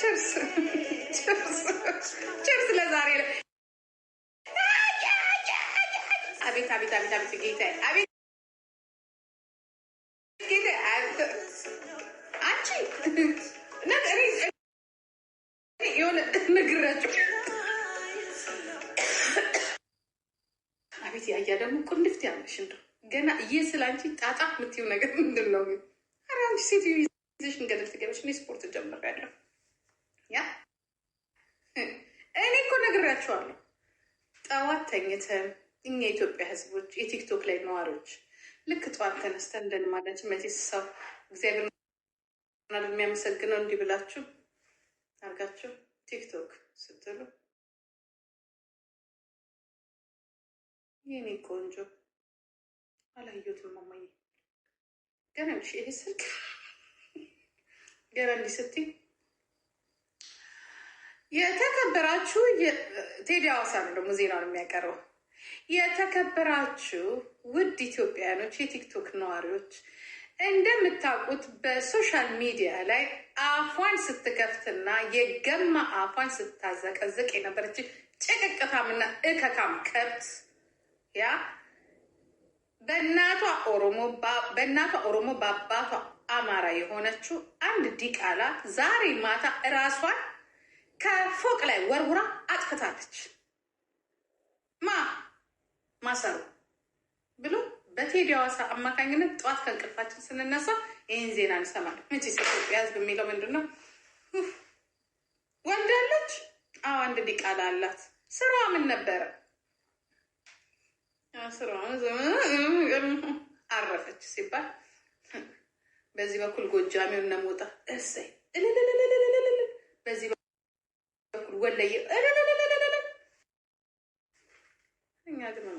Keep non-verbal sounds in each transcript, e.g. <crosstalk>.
ችርስ ለዛሬ አቤት አቤት አቤት አቤት ጌታ አቤት ጌታ አንቺ የሆነ ነግራችሁ አቤት ያያ ደግሞ ያለሽ እንደው ገና ይህ ስለ አንቺ ጣጣ የምትይው ነገር ምንድን ነው? ኧረ አንቺ ሴትዮ ይዘሽ እኔ ስፖርት ጀምሬያለሁ። ያ እኔ እኮ ነግሬያቸዋለሁ። ጠዋት ተኝተን እኛ የኢትዮጵያ ሕዝቦች የቲክቶክ ላይ ነዋሪዎች ልክ ጠዋት ተነስተን እንደልማዳችን መቼስ ሰው እግዚአብሔር የሚያመሰግነው እንዲህ ብላችሁ አርጋችሁ ቲክቶክ ስትሉ የኔ ቆንጆ አላየሁትም። ማማዬ ገና ይሄ ስልክ ገና እንዲህ ስትይ የተከበራችሁ ቴዲ ሐዋሳ ነው ደግሞ ዜናውን የሚያቀርበው። የተከበራችሁ ውድ ኢትዮጵያውያኖች፣ የቲክቶክ ነዋሪዎች እንደምታውቁት በሶሻል ሚዲያ ላይ አፏን ስትከፍትና የገማ አፏን ስታዘቀዝቅ የነበረች ጭቅቅታምና እከካም ከብት ያ በእናቷ ኦሮሞ በእናቷ ኦሮሞ በአባቷ አማራ የሆነችው አንድ ዲቃላ ዛሬ ማታ እራሷን ከፎቅ ላይ ወርውራ አጥፍታለች። ማ ማሰሩ ብሎ በቴዲ ሐዋሳ አማካኝነት ጠዋት ከእንቅልፋችን ስንነሳ ይህን ዜና እንሰማለን። መቼ ኢትዮጵያ ሕዝብ የሚለው ምንድን ነው? ወልዳለች። አዎ አንድ ዲቃላ አላት። ስራዋ ምን ነበረ? አረፈች ሲባል በዚህ በኩል ጎጃሚውን እነሞጣ እሰይ በዚህ ወለየ እኛ ግን ነው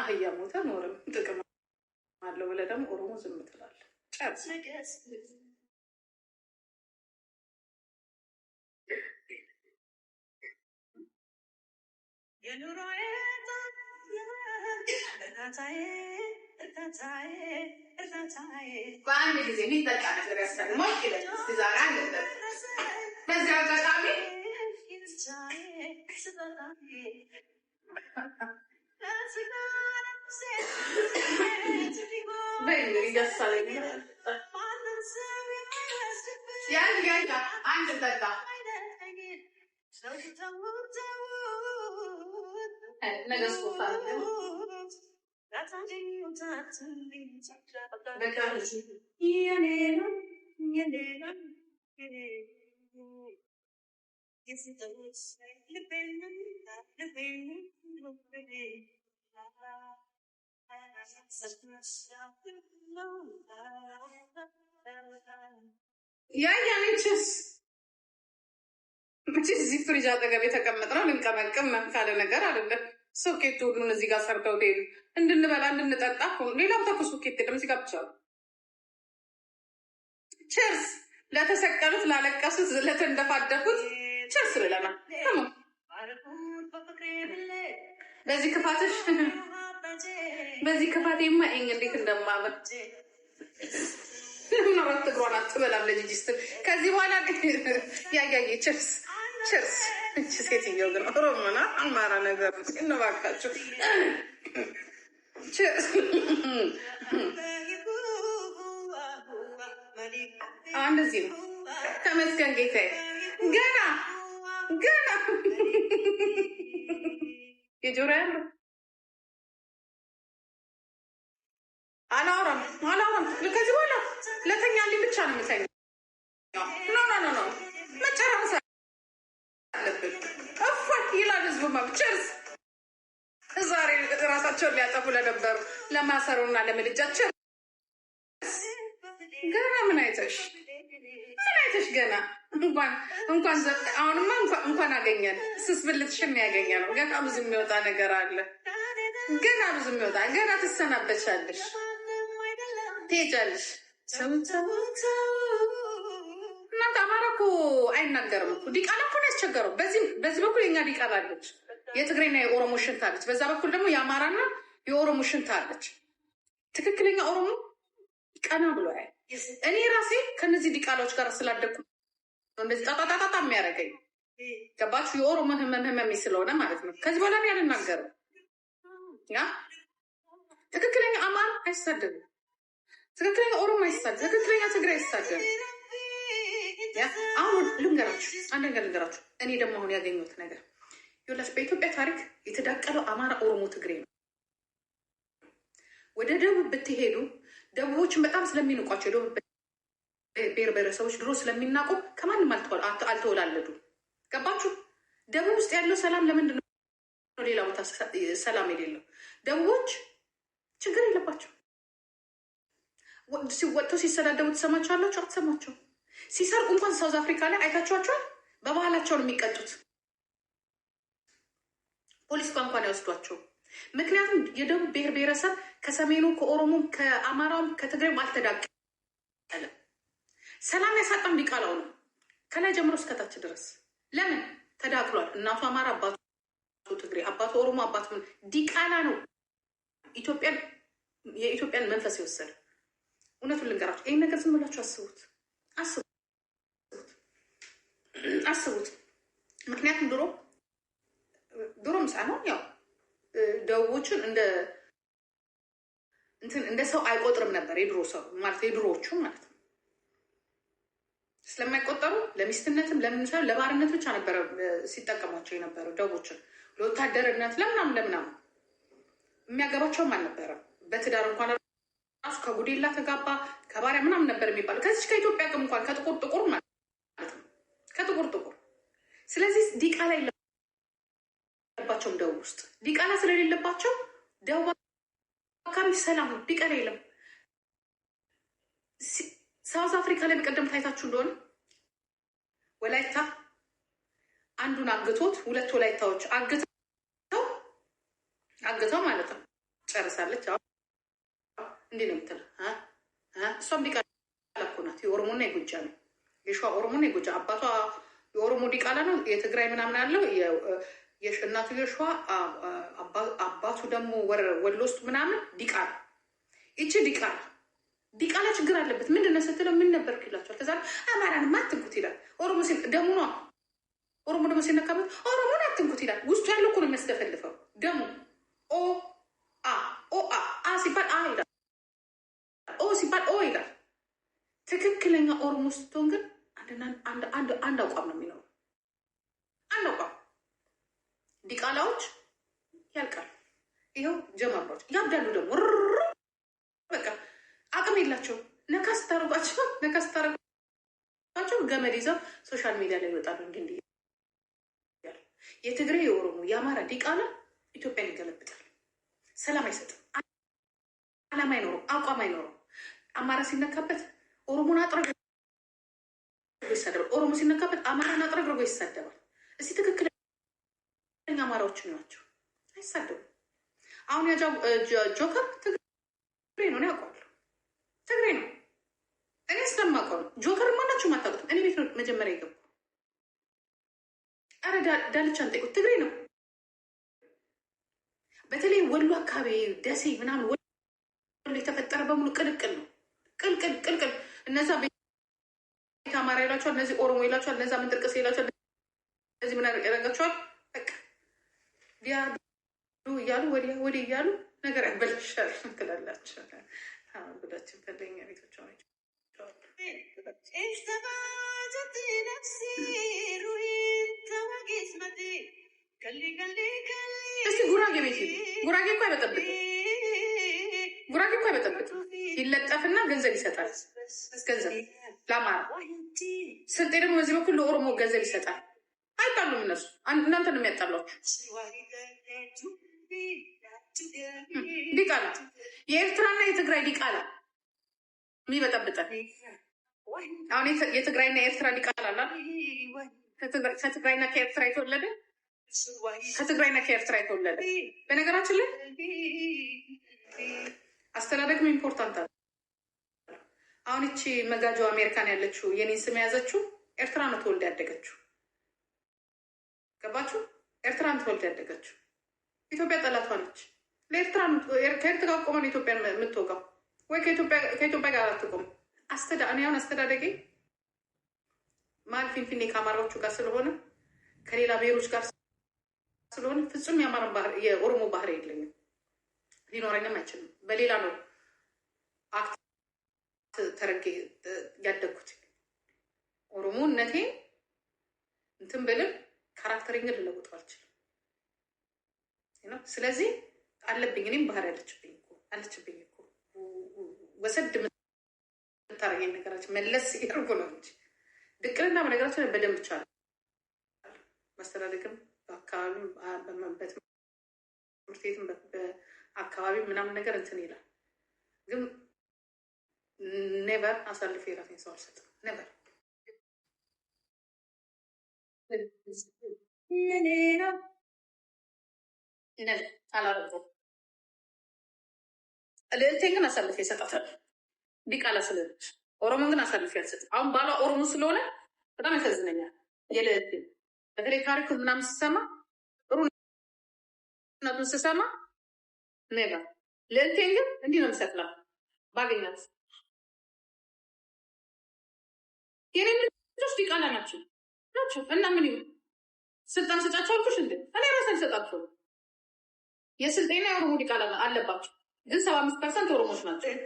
አህያ ሞተ ኖርም ጥቅም አለው ብለህ ደግሞ ኦሮሞ ዝም ትላለህ። በአንድ ጊዜ የሚጠቃ ነገር ያስፈልማል ይለ ዛሬ አለበት በዚያ አጋጣሚ Vedi, rilassare il Sì, anche Gaita, anche Tata. Eh, mega scopante. Beccarci. Io nero, io nero, io nero. ያ ያንቺስ እዚህ ፍሪጅ አጠገብ የተቀመጥነው ልንቀመቅም መምካለ ነገር አይደለም። ሶኬት ሁሉን እዚህ ጋር ሰርተው ሄዱ እንድንበላ እንድንጠጣ ሌላ ቦታ እኮ ሶኬት የለም። እዚህ ጋር ብቻ ቸርስ ለተሰቀሉት፣ ላለቀሱት፣ ለተንደፋደፉት ብቻ ለማ በዚህ ክፋትሽ <laughs> በዚህ የማ ይሄን እንዴት እንደማበር ምን አራት እግሯን አትበላም ለጂጂ ስትል ከዚህ በኋላ <laughs> ያያየ ችርስ ችርስ እች ሴትዮ ግን ኦሮሞና አማራ ነገር <laughs> አንድ እንደዚህ ነው። ተመስገን ጌታዬ ገና ገና የጆሮ ያለው አላወራም አላወራም። ከዚህ በኋላ ለተኛ ልኝ ብቻ ነው የምተኛው። ኖ ኖ ኖ ኖ መጨረስ አለብን። እፎይ ይላል ህዝቡማ። ቸርስ ዛሬ ራሳቸውን ሊያጠፉ ለነበሩ ለማሰሩና ለምልጃ ቸርስ። ገና ምን አይተሽ ምን አይተሽ ገና እንኳን እንኳን አሁንማ እንኳን አገኘን ስስ ብልትሽን ያገኘ ነው። ገና ብዙ የሚወጣ ነገር አለ። ገና ብዙ የሚወጣ ገና ትሰናበቻለሽ፣ ትሄጃለሽ። እናንተ አማራ እኮ አይናገርም እኮ ዲቃላ እኮ ነው ያስቸገረው። በዚህ በኩል የኛ ዲቃላ አለች፣ የትግሬና የኦሮሞ ሽንት አለች። በዛ በኩል ደግሞ የአማራና የኦሮሞ ሽንት አለች። ትክክለኛ ኦሮሞ ቀና ብሎ እኔ ራሴ ከነዚህ ዲቃላዎች ጋር ስላደኩ እንደዚህ ጣጣጣጣ የሚያደርገኝ ገባችሁ? የኦሮሞ ህመም ህመሜ ስለሆነ ማለት ነው። ከዚህ በኋላ አልናገርም። ትክክለኛ አማር አይሳደብም። ትክክለኛ ኦሮሞ አይሳደብም። ትክክለኛ ትግራይ አይሳደብም። አሁን ልንገራችሁ፣ አንድ ነገር ልንገራችሁ። እኔ ደግሞ አሁን ያገኘሁት ነገር ይኸውላችሁ፣ በኢትዮጵያ ታሪክ የተዳቀለው አማራ፣ ኦሮሞ፣ ትግሬ ነው። ወደ ደቡብ ብትሄዱ ደቡቦችን በጣም ስለሚንቋቸው ደቡብ ብሔር ብሔረሰቦች ድሮ ስለሚናቁ ከማንም አልተወላለዱ። ገባችሁ? ደቡብ ውስጥ ያለው ሰላም ለምንድን ነው ሌላ ቦታ ሰላም የሌለው? ደቡቦች ችግር የለባቸው። ሲወጡ ሲሰዳደቡ ትሰማቸዋላችሁ? አትሰማቸው። ሲሰርቁ እንኳን ሳውዝ አፍሪካ ላይ አይታችኋቸዋል። በባህላቸው ነው የሚቀጡት። ፖሊስ እንኳን ያወስዷቸው። ምክንያቱም የደቡብ ብሔር ብሔረሰብ ከሰሜኑ ከኦሮሞም ከአማራውም ከትግራይም አልተዳቀለም። ሰላም ያሳጣው ቢቃላው ነው ከላይ ጀምሮ እስከታች ድረስ ለምን ተዳቅሏል? እናቱ አማራ፣ አባቱ ትግሬ፣ አባቱ ኦሮሞ፣ አባቱ ዲቃላ ነው። ኢትዮጵያን የኢትዮጵያን መንፈስ የወሰደ እውነቱን ልንገራችሁ። ይህን ነገር ዝም ብላችሁ አስቡት፣ አስቡት፣ አስቡት። ምክንያቱም ድሮ ምሳ ነው ያው ደቡቦችን እንደ እንትን እንደ ሰው አይቆጥርም ነበር የድሮ ሰው ማለት የድሮዎቹ ማለት ነው ስለማይቆጠሩ ለሚስትነትም ለምን ለባርነት ብቻ ነበረ ሲጠቀሟቸው የነበሩ ደቦችን ለወታደርነት ለምናምን ለምናም የሚያገባቸውም አልነበረም። በትዳር እንኳን ራሱ ከጉዴላ ተጋባ ከባሪያ ምናምን ነበር የሚባል ከዚች ከኢትዮጵያ ቅም እንኳን ከጥቁር ጥቁር ማለት ነው ከጥቁር ጥቁር። ስለዚህ ዲቃላ የለባቸውም ደቡብ ውስጥ ዲቃላ ስለሌለባቸው ደቡብ አካባቢ ሰላም ነው፣ ዲቃላ የለም። ሳውዝ አፍሪካ ላይ በቀደም ታይታችሁ እንደሆነ ወላይታ አንዱን አግቶት ሁለት ወላይታዎች አግተው አግተው ማለት ነው ጨርሳለች። እንዲህ ነው ምትል እሷም ዲቃላ እኮ ናት። የኦሮሞና የጎጃ ነው የሸዋ ኦሮሞና የጎጃ አባቷ የኦሮሞ ዲቃላ ነው። የትግራይ ምናምን አለው እናቱ የሸዋ አባቱ ደግሞ ወሎ ውስጥ ምናምን ዲቃላ ይቺ ዲቃላ ዲቃላ ችግር አለበት። ምንድን ነው ስትለው ምን ነበር ይላቸዋል። ከዛ አማራንማ አትንኩት ይላል። ኦሮሞ ደሙ ነ ኦሮሞ ደግሞ ሲነካበት ኦሮሞን አትንኩት ይላል። ውስጡ ያለው እኮ ነው የሚያስደፈልፈው ደሙ። ኦ አ ኦ አ አ ሲባል አ ይላል። ኦ ሲባል ኦ ይላል። ትክክለኛ ኦሮሞ ስትሆን ግን አንድ አቋም ነው የሚኖረው። አንድ አቋም ዲቃላዎች ያልቃል። ይኸው ጀማሮች ያብዳሉ ደግሞ አቅም የላቸው። ነካ ስታረጓቸው ነካ ስታረጓቸው ገመድ ይዘው ሶሻል ሚዲያ ላይ ይወጣሉ። እንግዲ የትግሬ የኦሮሞ የአማራ ዲቃላ ኢትዮጵያን ይገለብጣል። ሰላም አይሰጥም። አላማ አይኖረው፣ አቋም አይኖረው። አማራ ሲነካበት ኦሮሞን አጥረግርጎ ይሳደባል። ኦሮሞ ሲነካበት አማራን አጥረግርጎ ይሳደባል። እስኪ ትክክለኛ አማራዎች ናቸው አይሳደቡም። አሁን ያ ጆከር ትግሬ ነው ያውቋል። ትግሬ ነው። እኔ ስለማውቀው ነው። ጆከር ማናችሁ ማታውቁትም። እኔ ቤት ነው መጀመሪያ የገቡ። አረ ዳልቻን ጠይቁት፣ ትግሬ ነው። በተለይ ወሎ አካባቢ፣ ደሴ ምናምን ወሎ የተፈጠረ በሙሉ ቅልቅል ነው። ቅልቅል ቅልቅል። እነዛ ቤት አማራ ይላቸዋል፣ እነዚህ ኦሮሞ ይላቸዋል፣ እነዛ ምንጥርቅስ ይላቸዋል፣ እነዚህ ምን ያደርጋቸዋል። በቃ ቢያዱ እያሉ ወዲያ ወዲህ እያሉ ነገር ያበላሻል ትላላቸው። ጉዳችን ፈለኛ ቤቶች ሆነች እስቲ ጉራጌ ቤት ጉራጌ እኮ አይበጠብጥ ጉራጌ እኮ አይበጠብጥ ይለጠፍና ገንዘብ ይሰጣል። ገንዘብ ለአማራ ስልጤ ደግሞ በዚህ በኩል ለኦሮሞ ገንዘብ ይሰጣል። አይጣሉም እነሱ። እናንተ ነው የሚያጣሏችሁ። ዲቃላ የኤርትራና የትግራይ ዲቃላ የሚበጠብጠን አሁን የትግራይና የኤርትራ ዲቃላ አላ ከትግራይና ከኤርትራ የተወለደ ከትግራይና ከኤርትራ የተወለደ በነገራችን ላይ አስተዳደግም ኢምፖርታንት አለ። አሁን እቺ መጋጆ አሜሪካን ያለችው የኔን ስም የያዘችው ኤርትራ ነው ተወልደ ያደገችው። ገባችሁ? ኤርትራ ነው ተወልደ ያደገችው። ኢትዮጵያ ጠላቷ ነች። ለኤርትራ ከኤርትራ ቆመ ኢትዮጵያን የምትወጋው ወይ ከኢትዮጵያ ጋር አትቆም። አስተዳ እኔ አሁን አስተዳደጌ መሀል ፊንፊኔ ከአማራዎቹ ጋር ስለሆነ ከሌላ ብሔሮች ጋር ስለሆነ ፍጹም የኦሮሞ ባህር የለኝም፣ ሊኖረኝም አይችልም። በሌላ ነው አክት ተረጌ ያደግኩት እነቴ እንትን ብልም ካራክተሬን ልለውጠው አልችልም። ስለዚህ አለብኝ እኔም ባህሪ አለችብኝ አለችብኝ እኮ ወሰድ የምታረገኝ ነገራችን መለስ ያርጎ ነው እንጂ ድቅልና በነገራችን በደንብ ይቻላል። መስተዳደግም በአካባቢ በትምህርት ቤትም በአካባቢ ምናምን ነገር እንትን ይላል። ግን ኔቨር አሳልፌ የራሴን ሰው አልሰጥም። ኔቨር አላረገውም። ልዕልቴን ግን አሳልፍ ይሰጣታል። ዲቃላ ስለሆነች ኦሮሞን ግን አሳልፍ ያልሰጥ አሁን ባሏ ኦሮሞ ስለሆነ በጣም ያሳዝነኛል። የልዕልቴ በተለይ ታሪኩ ምናምን ስሰማ ጥሩ ነቱን ስሰማ ነጋ ልዕልቴን ግን እንዲህ ነው የምሰቅላ ባገኛት የኔ ልጆች ዲቃላ ናቸው ናቸው እና ምን ይሁን ስልጣን ስጫቸው አልኩሽ እንደ እኔ ራሴ አልሰጣቸውም። የስልጤና የኦሮሞ ዲቃላ አለባቸው። ግን ሰባ አምስት ፐርሰንት ኦሮሞች ናቸው።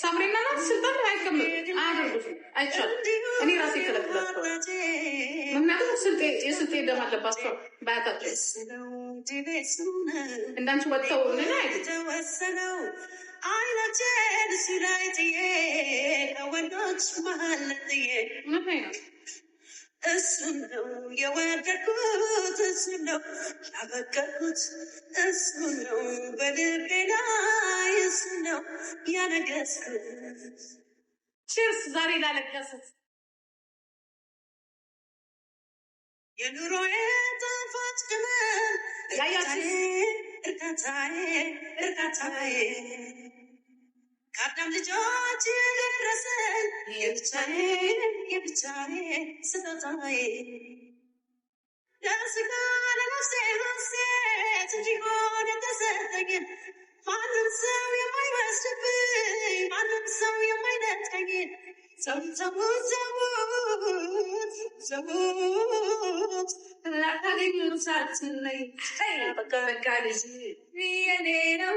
ሳምሬና ናት ስልጣን አይቀመጡም፣ አያደርጉትም፣ አይቻልም። እኔ ራሴ ከለክላቸው፣ ምክንያቱም የስልጤ ደም አለባቸው በአያታቸው። እንዳንቺ ወጥተው ምን አይ አይናችን ሲላይ ጥዬ ከወንዶች መሀል ጥዬ እሱን ነው የወደድኩት፣ እሱን ነው ያፈቀርኩት፣ እሱን ነው በልቤ ላይ እሱን ነው ያነገስኩት። ችርስ ዛሬ ላለቀሱት የኑሮ ጣፋጭ ቅመም እርካታዬ፣ እርካታዬ፣ እርካታዬ ካዳም ልጆች ደረሰን የብቻዬ የብቻዬ ስጦታዬ ለስጋ ለነፍሴ ሐሴት እንዲሆን ተሰጠኝ ማንም ሰው የማይመስልብኝ ማንም ሰው የማይነጠኝ ሰው ሰሙት ሰሙት ሰሙት ላታገኙ ሳትለይ በቃ በቃ ልጅ የኔ ነው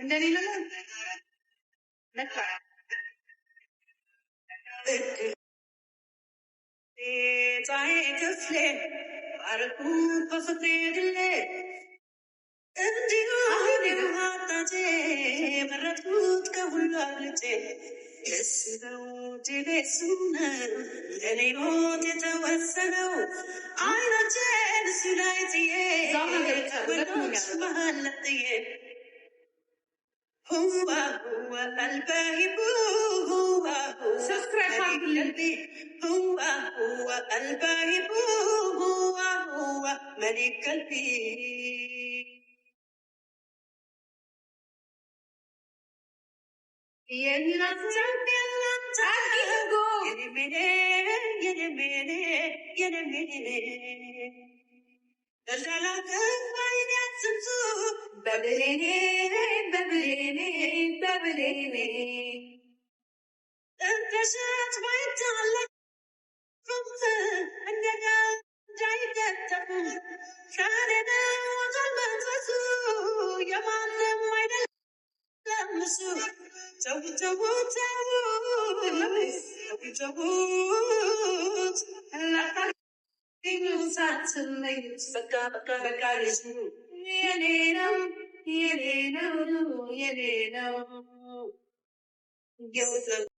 እንደኔ ልምን ፀሐይ ክፍሌ ባረኩ በፍቅሬ ድሌ እንዲሁ አጣቴ መረጥኩት ከሁሉ አብልጬ هو هو الباهي هو هو سبسكرايب قلبي هو هو الباهي هو هو ملك قلبي يا تنقل تنقل يلا مني يلا مني يلا مني Shut my tongue, கருணை ஏனேனம் ஏனேனம் ஏனேனம்